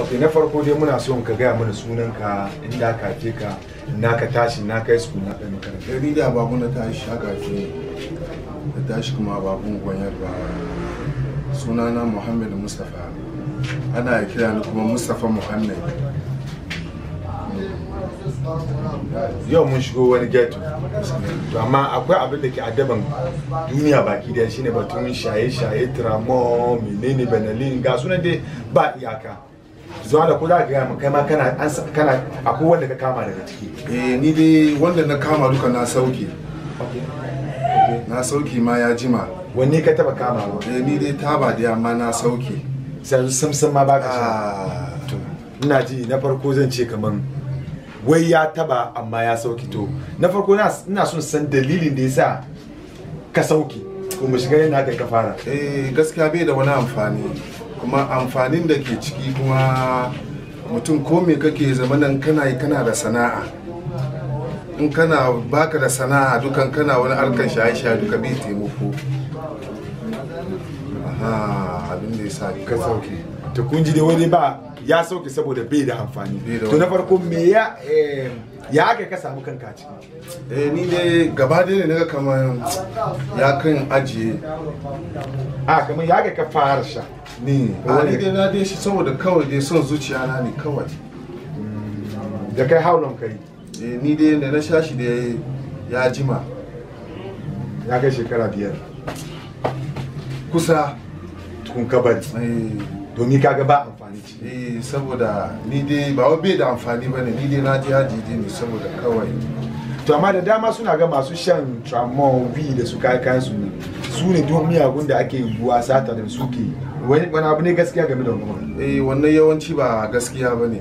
Okay, na farko dai muna son ka gaya mana sunanka inda ka ke ka na ka tashi na kai su na kai makaranta. Eh, ni da babu na tashi haka ke da tashi kuma babu gwanyar ba. Sunana Muhammad Mustapha. Ana kira ni kuma Mustapha Muhammad. Yau mun shigo wani ghetto. To amma akwai abin da ke adaban duniya baki daya shine batun shaye-shaye, tramo menene, benalin, ga sunan dai ba iyaka. zuwa da ko za ka gaya mu kai ma kana an kana akwai wanda ka kama daga ciki eh ni dai wanda na kama duka na sauke na sauki ma ya jima wanne ka taba kama ba eh ni dai taba da amma na sauki sai samsam ma ba ka sha ah. ina ji na farko zan ce kaman wai ya taba amma ya sauki to na farko ina son san dalilin da yasa ka sauki ko mu shiga yana kai ka fara eh gaskiya bai da wani amfani kuma amfanin da ke ciki kuma mutum ko me kake zamanan kana yi kana da sana'a in kana baka da sana'a dukan kana wani harkar shaye-shaye duka bai taimako aha abin da ya sa ka sauke ta kun ji wani ba ya sauke saboda bai da amfani to na farko me ya eh, ya ga ka samu kanka ciki eh ni dai gaba dai ne naga kamar ya kan ajiye a kamar ya ga ka fara sha ni a ni dai na dai shi saboda kawai dai son zuciya na ne kawai mm, da kai haulon kai eh ni dai da na sha shi dai ya jima ya kai shekara biyar kusa tukun kabari eh. domin kaga ba abinci eh saboda ni dai ba wai bai da amfani ba ne ni dai na je haji ne saboda kawai to amma da dama suna ga masu shan tramon bi da su kayan su ne su ne duk miyagun da ake yiwuwa sata da suke wani abu ne gaskiya game da wannan eh wannan yawanci ba gaskiya ba ne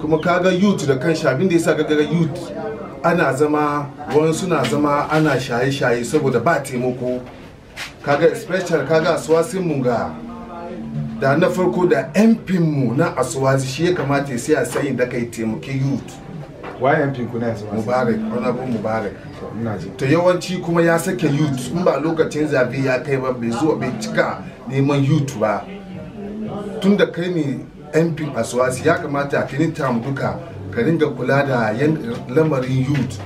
kuma kaga youth da kan abin da yasa kaga youth ana zama wani suna zama ana shaye-shaye saboda ba taimako kaga special kaga suwasin mu ga da na farko da mpin mu na asuwazi shi ya kamata sai a sayin da kai taimaki youth why mpin ku na asuwazi mubarak wani abu mubarak to yawanci kuma ya sake youth in ba lokacin zabe ya kai ba bai zuwa bai cika neman youth ba tun da kai ne mpin asuwazi ya kamata a kini mu duka ka ringa kula da lamarin youth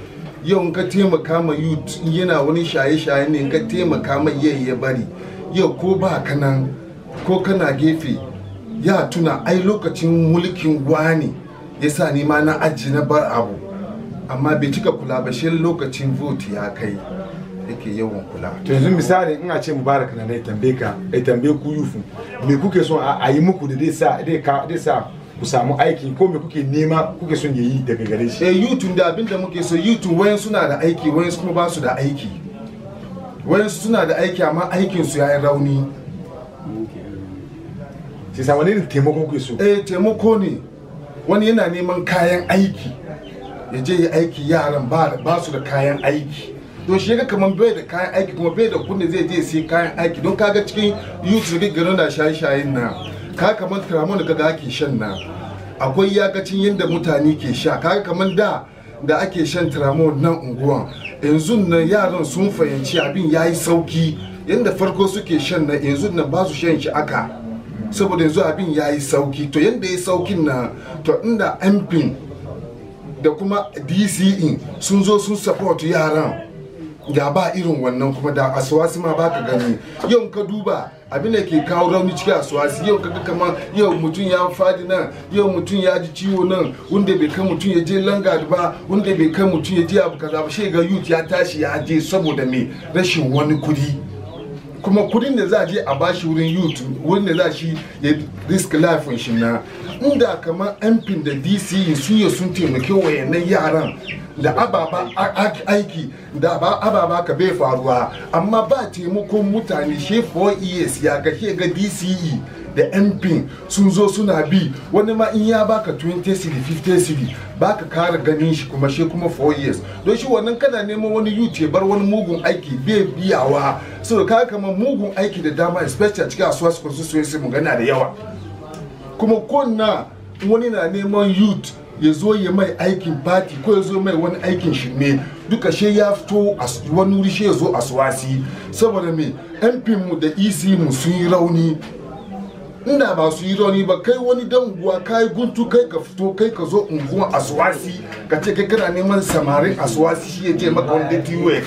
yau ka taimaka ma youth yana wani shaye-shaye ne ka taimaka mai yayi ya bari yau ko ba kanan ko kana gefe ya tuna ai lokacin mulkin wani ya sa ni ma na aji na bar abu amma bai cika kula ba shi lokacin vote ya kai yake yawan kula to yanzu misali in a ce mubarak na nai tambaye ka ai tambaye ku yufu me kuke so a yi muku da zai sa zai sa ku samu aiki ko me kuke nema kuke son yayi daga gare shi eh yutun da abin da muke so yutun wayan suna da aiki wayan kuma ba su da aiki wayan suna da aiki amma aikin su yayin rauni shi sa wani irin taimako ku so eh taimako ne wani yana neman kayan aiki ya je yi aiki yaran ba su da kayan aiki don shi ga kaman bai da kayan aiki kuma bai da kudin zai je sai kayan aiki don kaga cikin youth da shaye da shaye-shayen na ka kaman tramon da ake shan na akwai yakacin yadda mutane ke sha kaga kaman da da ake shan tramon nan unguwan yanzu nan yaran sun fahimci abin yayi sauki yadda farko suke shan na yanzu nan ba su shan shi aka saboda yanzu abin ya yi sauki to yadda ya saukin na to inda mp da kuma dce sun zo sun support yaran ya ba irin wannan kuma da asuwasi ma baka gani yau ka duba abin da ke kawo rauni cikin aswasi yau kaga kama yau mutum ya fadi nan yau mutum ya ji ciwo nan wanda bai kai mutum ya je langa ba wanda bai kai mutum ya je abu kaza ba shi ga youth ya tashi ya je saboda me rashin wani kudi kuma kudin da za a je a bashi wurin youth wurin da za shi ya risk life shi na inda kamar mp da dc sun yi sun taimake wayannan yaran da ababa aiki da ababa ka bai faruwa amma ba taimakon mutane she 4 years ya ga ga dce da mp sun zo suna bi wani ma in ya baka 20 cd 50 cd baka kara ganin shi kuma shi kuma 4 years don shi wannan kana neman wani youth ya bar wani mugun aiki bai biyawa so ka kamar mugun aiki da dama especially cikin asuwa su su constituency mu gana da yawa kuma konna wani na neman youth ya zo ya mai aikin party ko ya zo mai wani aikin shirme duka she ya fito wani wuri shi ya zo a suwasi saboda me mp mu da ec mu sun yi rauni inda ba su yi rauni ba kai wani dan unguwa kai guntu kai ka fito kai ka zo unguwa aswasi ka ce kai kana neman samarin aswasi shi ya je maka da tiwe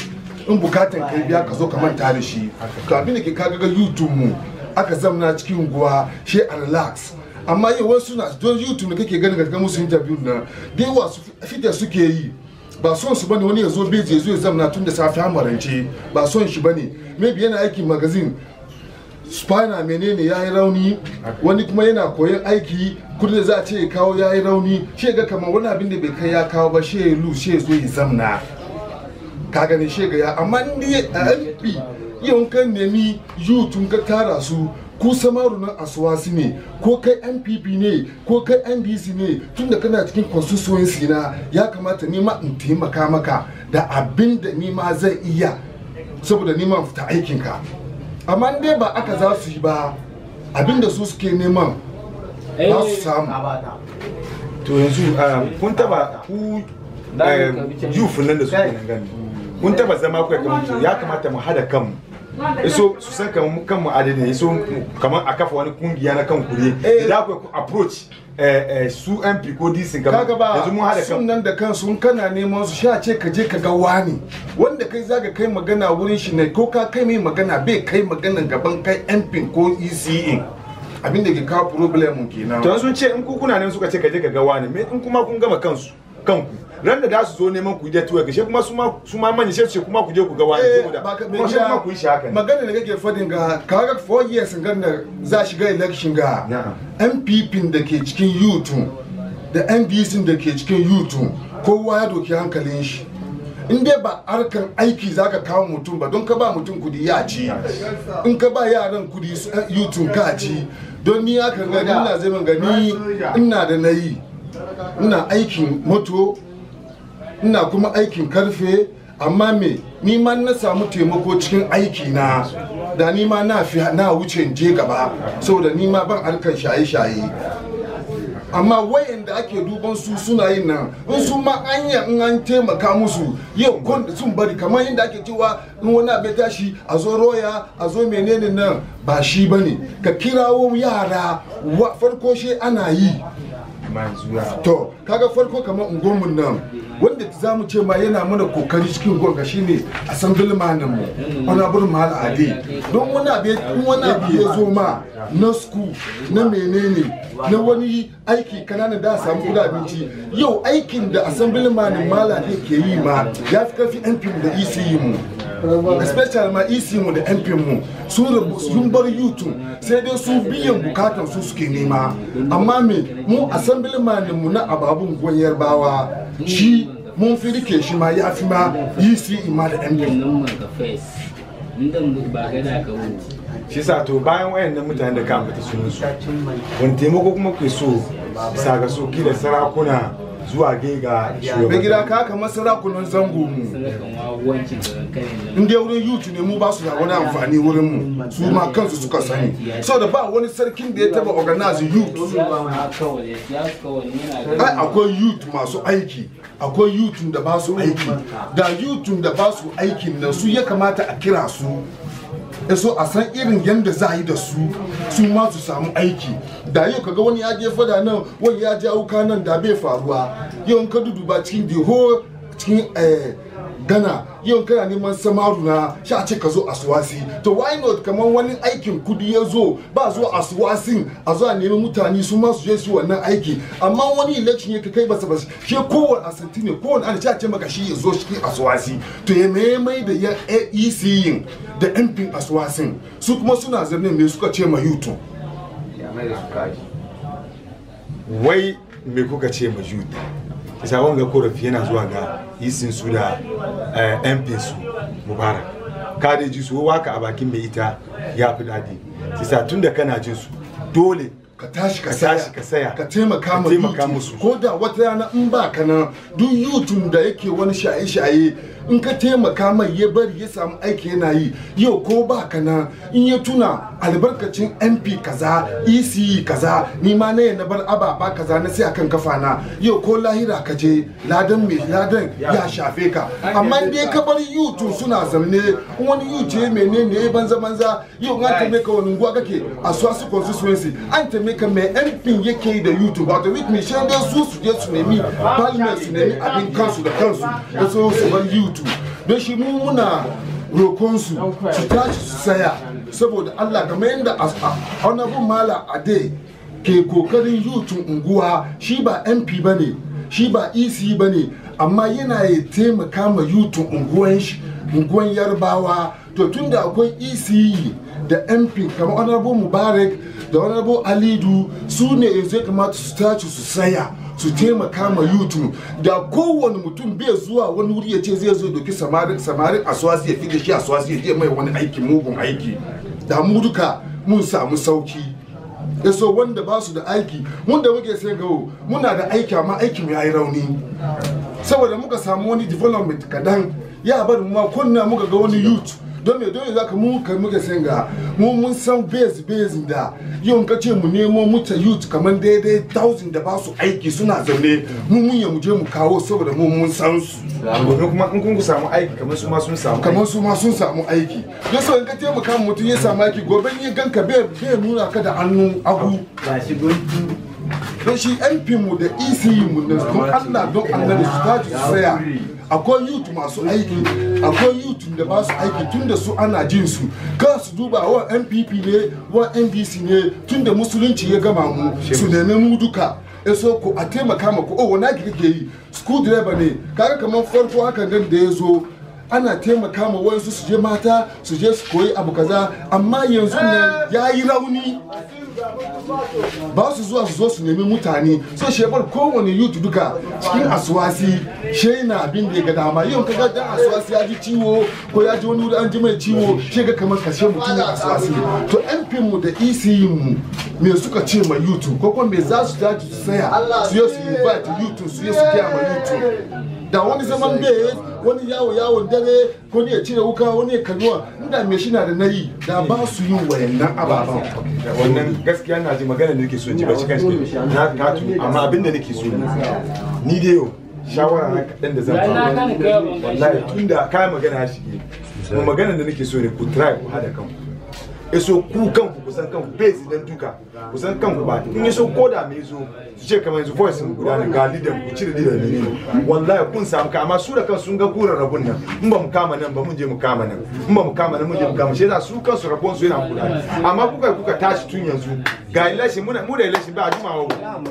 in bukatan kai biya ka zo ka manta da shi to abin da ke kaga ga youtube mu aka zamna cikin unguwa shi a relax amma yau wasu na don youtube da kake ganin ga musu interview na da yawa su fita suke yi ba son su bane wani ya zo beji ya zo ya zamna tun da safe hamarance ba son shi bane maybe yana aikin magazine spina menene ya yi rauni wani kuma yana koyon aiki kudi da za a ce ya kawo ya yi rauni shi ga kamar wani abin da bai kai ya kawo ba shi ya lu shi ya zo ya zamna ka gani shi ga ya amma ni a alfi yau kan nemi yutun ka tara su ko samaru na asuwasi ne ko kai npp ne ko kai ndc ne tun tunda kana cikin constituency na ya kamata nima in taimaka maka da abin da nima zai iya saboda nima fita aikinka amma dai ba aka za su yi ba abinda su suke neman ba su eh, samu to yanzu ah, kun taba ku yufin eh, nan da suke nan gani kun taba zama ku ya kamata mu hada kanmu so su san kan kan mu adini so kaman a kafa wani kungiya na kan kuri eh. da ku approach eh, eh, su MP ko DC gaba. yanzu mun hada kan nan da kan sun kana neman su sha ce ka je ka ga wani wanda kai zaka kai magana wurin shi ne ko ka kai mai magana bai kai magana gaban kai MP ko ECE e. abin da ke kawo problem kenan to sun ce in ku kuna ne suka ce ka je ka ga wani me in kuma kun gama kansu kanku ran da za su zo neman ku da tuwa gashe kuma su ma manyan sai su kuma ku je ku ga wani eh, saboda kuma shi kuma ku yi shi haka magana da kake fadin ga kaga 4 years gan da za shiga election ga MPP da ke cikin youth da MVC da ke cikin youth kowa ya doki hankalin shi in dai ba harkar aiki zaka kawo mutum ba don ka ba mutum kudi ya ci in ka ba yaran kudi yutun eh, ka ci don ni ka gani ina zai gani ina da nayi ina aikin moto ina kuma aikin karfe amma me ni ma na samu taimako cikin aiki na da ni ma na fi na wuce je gaba saboda ni ma ban arkan shaye-shaye amma da ake duban su suna yin nan in su ma anya in an taimaka musu yau da sun bari kamar yadda ake cewa in wani abu tashi a zo roya a zo menene nan ba shi bane ka kirawo yara farko shi ana yi to kaga farko kamar unguwanmu nan wanda za mu ce ma yana mana kokari cikin gwanga ne a san gulmanin mu wani abin mahal ade don wani abin wani abin ya zo ma na sku na menene na wani aiki kanana da samu kuda abinci yau aikin da a san assemblyman malade ke yi ma ya fi karfi yan da isi e yi mu especially ma ec mu da mp mu su sun bar youtube sai dai su biyan bukatar su suke nema amma me mu assemblyman mu na ababun gwanyar bawa shi mun fi rike shi ma ya fi ma ec ma da mp shi sa to bayan wayannan mutane da kan sunan su wani taimako kuma ke so bisa ga so kila sarakuna zuwa ge ga shugaban gida ka kamar sarakunan zango mu inda wurin yutu ne mu ba su da wani amfani wurin mu su ma kansu suka sani da ba wani sarkin da ya taba organize youth ai akwai youth masu aiki akwai youth da ba su aiki da youth da ba su aikin nan su ya kamata a kira su ya so a san irin yadda za a yi da su su ma su samu aiki da yau kaga wani ya je fada nan wani ya je wuka nan da bai faruwa yau ka duduba cikin the whole cikin eh, gana yau kana neman samaru na sha ce ka zo aswasi to why not kamar wani aikin kudi ya zo ba zuwa aswasin a zuwa nemi mutane su ma su je su wannan aiki amma wani election ya kai basa basa shi kowane asanti ne kowane ana sha ce maka shi ya zo shi aswasi to ya maimai da ya AEC eh, e yin da MP aswasin su kuma suna zaune me suka ce ma yuto wai me kuka ce ma yuto isa ga korafi yana zuwa ga isin su da eh, mp su mubarak ka da ji su waka a bakin mai ita ya fi daɗi isa tun da kana jin dole ka tashi ka saya ka saya ka taimaka musu ko da wata yana in ba ka nan duk yutun da yake wani shaye-shaye in ka taimaka mai ya bari ya samu aiki yana yi yau ko ba ka na in ya tuna albarkacin mp kaza ece kaza ni ma na na bar ababa kaza na sai akan kafa na yau ko lahira ka je ladan mai ladan ya shafe ka amma dai ka bar yutu suna zamne wani yuce menene ban banza za yau an taimaka ka wani guwa kake a swasu constituency an taimaka mai mp yake da yutu ba ta with me dai su su je su nemi palmer su nemi abin kansu da kansu da su bar yutu mutu don shi mu muna rokonsu su tashi su saya saboda Allah kamar yadda honorable mala ade ke kokarin yutun unguwa shi ba mp ba ne shi ba ec ba ne amma yana ya taimaka ma yutun unguwan yarbawa to tunda akwai ec da mp kamar honorable mubarak da honorable alidu su ne yanzu kamata su tashi su saya su taimaka ma yutu da kowane mutum bai zuwa wani wuri ya ce zai zo doki samarin samarin aswasi ya fi da shi aswasi ya je mai wani aiki mugun aiki da mu duka mun samu sauki ya so wanda ba su da aiki wanda muke sai gawo muna da aiki amma aikin ya yi rauni saboda muka samu wani development kadan ya bar mu ma kunna muka ga wani youth don me don za ka mun kai muka san ga mun mun san base base da yau ka ce mu nemo muta youth kamar daidai thousand da ba su aiki suna zaune mu mun ya mu je mu kawo saboda mun mun san su gobe kuma in kun samu aiki kamar su ma sun samu kamar su ma sun samu aiki don so in ka taimaka mutum ya samu aiki gobe in yi ganka bai nuna ka da hannu agu ba shi don shi mp mu da ec mu da don allah don annabi su tashi su saya akwai youth masu aiki akwai youth da ba su aiki tun da su ana jin su ka su duba wa npp ne wa ndc ne tun da musulunci ya gama mu su nemi mu duka ya ku a taimaka ma ku o oh, wani ake kake yi school driver ne kaga kamar farko gan da ya zo ana taimaka ma wayansu su je mata su je su koyi abu kaza amma yanzu ne ya yi rauni ba su zuwa su zo su nemi mutane so shebar kowane yutu duka cikin aswasi she na abin da ya ga dama yau ka dan aswasi ya ji ciwo ko ya ji wani wuri an ji mai ciwo shi ga kamar kashe mutum ya aswasi to mp mu da ec mu me suka ce ma yutu ko kuma me za su daji su saya su yi su invite yutu su yi su kiya ma yutu da wani zaman bai wani yawo yawon dare wani ya cire wuka wani ya kanuwa inda me shi na da nayi da ba su yin wayannan ababen wannan gaskiya na ji magana da nake so ji ba shi kanshi na katu amma abin da nake so ni da yau shawara na kaɗan da zan ba wallahi tunda kai magana ya shige kuma magana da nake so ne ku try ku hada kanku ya ku kanku kusan kanku duka kusan kanku ba in ya so ko da mai zo su ce kamar yanzu voice mu guda ne ga ku cire ne ne wallahi kun samu ka amma su da kansu sun ga gurin rabun nan in ba mu kama nan ba mun je mu kama nan in ba mu kama nan mun je mu kama shi yasa su kansu rabon su yana kula amma kuka kuka tashi tun yanzu ga ilashin muna mu da ba a wa.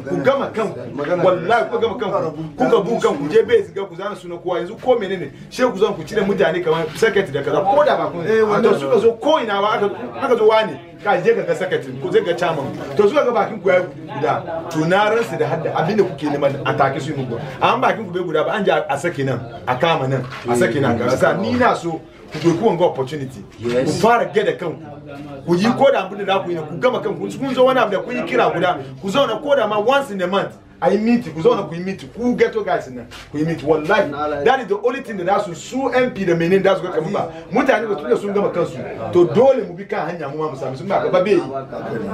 ku gama kanku wallahi ku gama kanku kuka bu kanku je bai ziga ku zana suna kowa yanzu ko menene she ku zan ku cire mutane kamar secretary da kaza ko da ba kun eh su ka zo ko ina ba aka aka zo wani ka je ga sakatin ko zai ga chairman to zuwa ga bakin ku guda to na ransu da hadda abinda kuke neman a take su yi muku an bakin ku bai guda ba an je a sake nan a kama nan a sake nan ka ni na so ku doki wanga opportunity ku fara gada kanku ku yi koda abin da za ku yi ku gama kanku kun zo wani abu kun yi kira guda ku zauna koda ma once in a month I meet you, ku we ku you. Who ku your guys there? We yi one life. that is the only thing da to su MP da menene da su ga kamu mutane da tunda sun gama to dole mu bi kan hanya mu ma mu sami sun ba gaba bai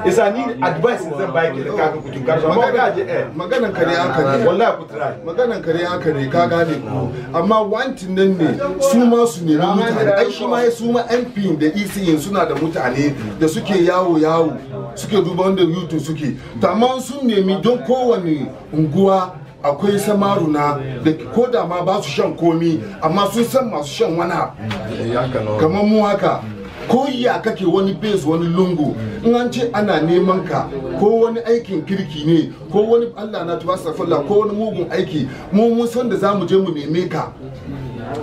isa ni advice zan ba ki da kafin ku tunkar su amma ga je eh maganan ka ne haka ne wallahi ku try maganan ka ne haka ne ka gane ku amma wantin nan ne mutane da e suna da mutane da suke yawo yawo suke duba wanda yutu suke to amma sun nemi don kowane unguwa akwai samaruna da ko da ma ba su shan komi amma sun san masu shan wani eh, kamar mu haka ko ya kake wani base wani lungu in an ce ana neman ka ko wani aikin kirki ne ko wani allah na tuba ko wani mugun aiki mu mun san da za mu je mu neme ka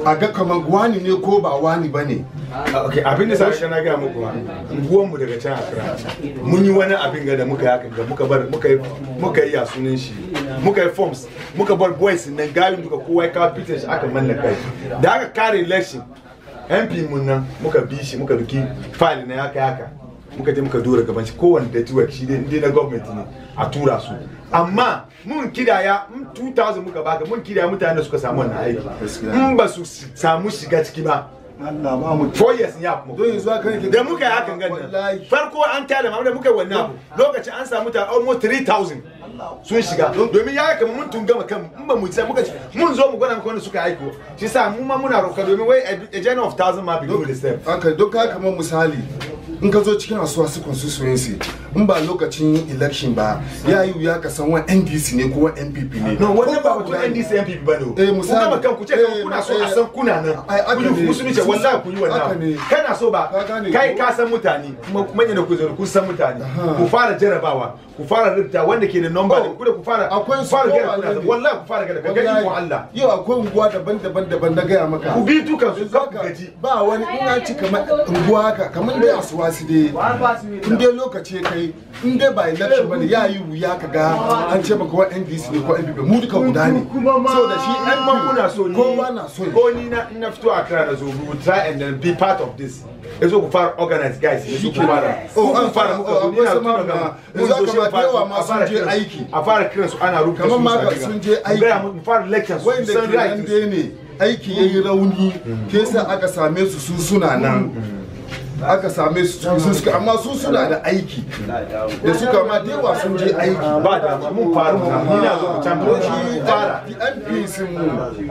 a ga kamar wani ne ko ba wani ba ne ah, abin da sashi na gaya muku unguwan mu daga can akra mun yi wani abin ga da muka yi hakan ga muka bar muka yi muka sunan shi muka yi forms muka bar boys nan galin duka kowa ya kawo shi aka mallaka shi da aka kare election mp mun nan muka bi shi muka duki file na yaka yaka muka je muka dora gaban shi kowane da tuwa shi dai na government ne a tura su amma mun kidaya mun 2000 muka baka mun kidaya mutane da suka samu wannan aiki in ba su samu shiga ciki ba Allah ba mu four years ya kuma don yanzu aka rike da muka yi hakan ganin farko an tada mu da muka yi wannan abu lokacin an samu ta almost 3000 sun shiga domin ya kama mun tun gama kan in ba mu sai muka mun zo mu gwada muka wanda suka aiko shi sa mu ma muna roka domin wai a journey of thousand ma bi go the step aka doka kamar misali in ka zo cikin asuwasu constituency in ba lokacin election ba ya yi wuya ka san wani ndc ne ko wani npp ne no wani ba ku ndc npp ba ne eh misali kuma ku ce kan eh, kuna so a eh, san kuna nan ku ce wallahi ku yi wannan kana so ba kai ka san mutane kuma manyan da ku zo ku san mutane ku fara jarabawa ku fara rubuta wanda ke da number oh, ku da ku fara akwai fara gara kuna wallahi ku fara gara ga yi Allah yau akwai unguwa daban-daban daban na gaya maka ku bi dukan su ka gaji ba wani ina ci kamar unguwa haka kamar dai asuwasi dai in dai lokaci kai in dai ba election bane wuya ka ga an ce maka wa NDC ne ko NPP mu duka guda ne so da shi ɗan bankuna so kowa na so ko ni na na fito a kira da zo we will try and then uh, be part of this yazo ku fara organize guys yazo ku fara oh an fara muka ni na tuna ga mun zo shi fara ma sun je aiki a fara kiran su ana rubuta su ma sun je aiki ga mu fara lectures sun right ne aiki yayi rauni kesa aka same su su suna nan mm. aka same su cikin suka amma su suna da aiki da suka ma da wa sun je aiki ba da mun faru ni na zo can doki fara NPC mu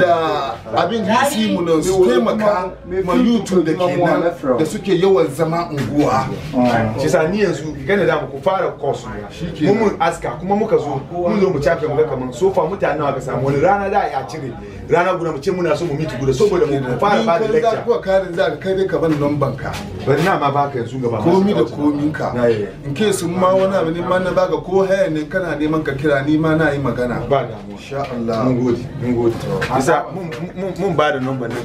da abin DC mu nan su taimaka ma YouTube da kenan da suke yawan zama unguwa shi sa ni yanzu gane da ku fara course mu mun aska kuma muka zo mun zo mu cafe mu ga kaman sofa mutane nawa ka samu wani rana da a cire rana guda mu ce muna so mu miti guda saboda mu fara ba da lecture ko karin za kai dai ka ban nan ka bari na ma baka yanzu gaba komi da komin ka in ke sun ma wani abu neman na baka ko haya ne kana neman ka kira ni ma na yi magana ba damuwa insha Allah mun gode mun gode isa mun ba da number